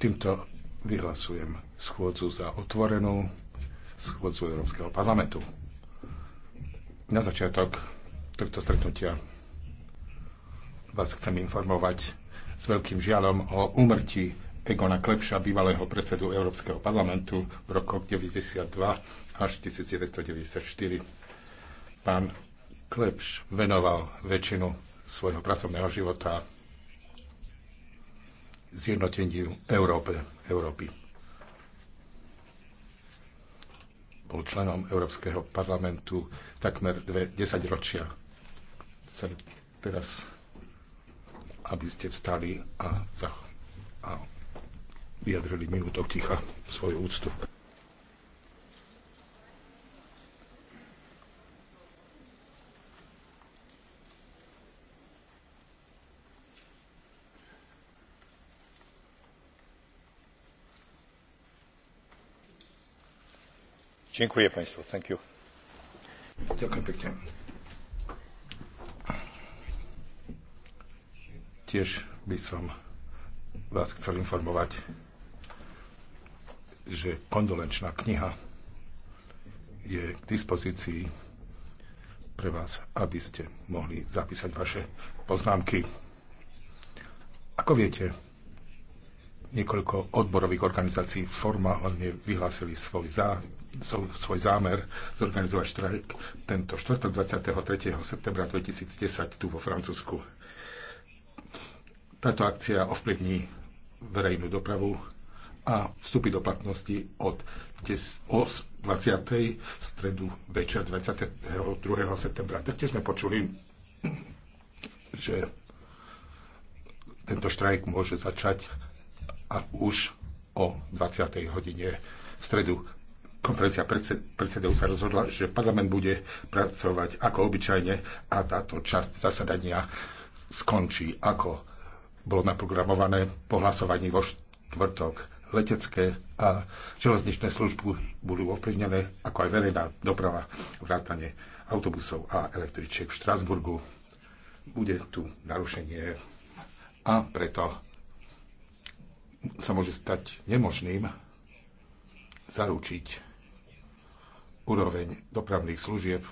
Týmto vyhlasujem schôdzu za otvorenú schôdzu Európskeho parlamentu. Na začiatok tohto stretnutia vás chcem informovať s veľkým žialom o úmrtí Egona Klepša, bývalého predsedu Európskeho parlamentu v rokoch 1992 až 1994. Pán Klepš venoval väčšinu svojho pracovného života zjednoteniu Európe, Európy. Bol členom Európskeho parlamentu takmer dve desaťročia. Chcem teraz, aby ste vstali a, a vyjadrili minútok ticha svoju úctu. Ďakujem państwu. Thank you. Ďakujem pekne. Tiež by som vás chcel informovať, že kondolenčná kniha je k dispozícii pre vás, aby ste mohli zapísať vaše poznámky. Ako viete, niekoľko odborových organizácií formálne vyhlásili svoj záujem svoj zámer zorganizovať štrajk tento čtvrtok 23. septembra 2010 tu vo Francúzsku. Táto akcia ovplyvní verejnú dopravu a vstupy do platnosti od 20. v stredu večer 22. septembra. Taktiež sme počuli, že tento štrajk môže začať a už o 20. hodine v stredu konferencia predsedov sa rozhodla, že parlament bude pracovať ako obyčajne a táto časť zasadania skončí ako bolo naprogramované po hlasovaní vo štvrtok. Letecké a železničné služby budú ovplyvnené, ako aj verejná doprava, vrátanie autobusov a električiek v Štrasburgu. Bude tu narušenie a preto sa môže stať nemožným zaručiť úroveň dopravných služieb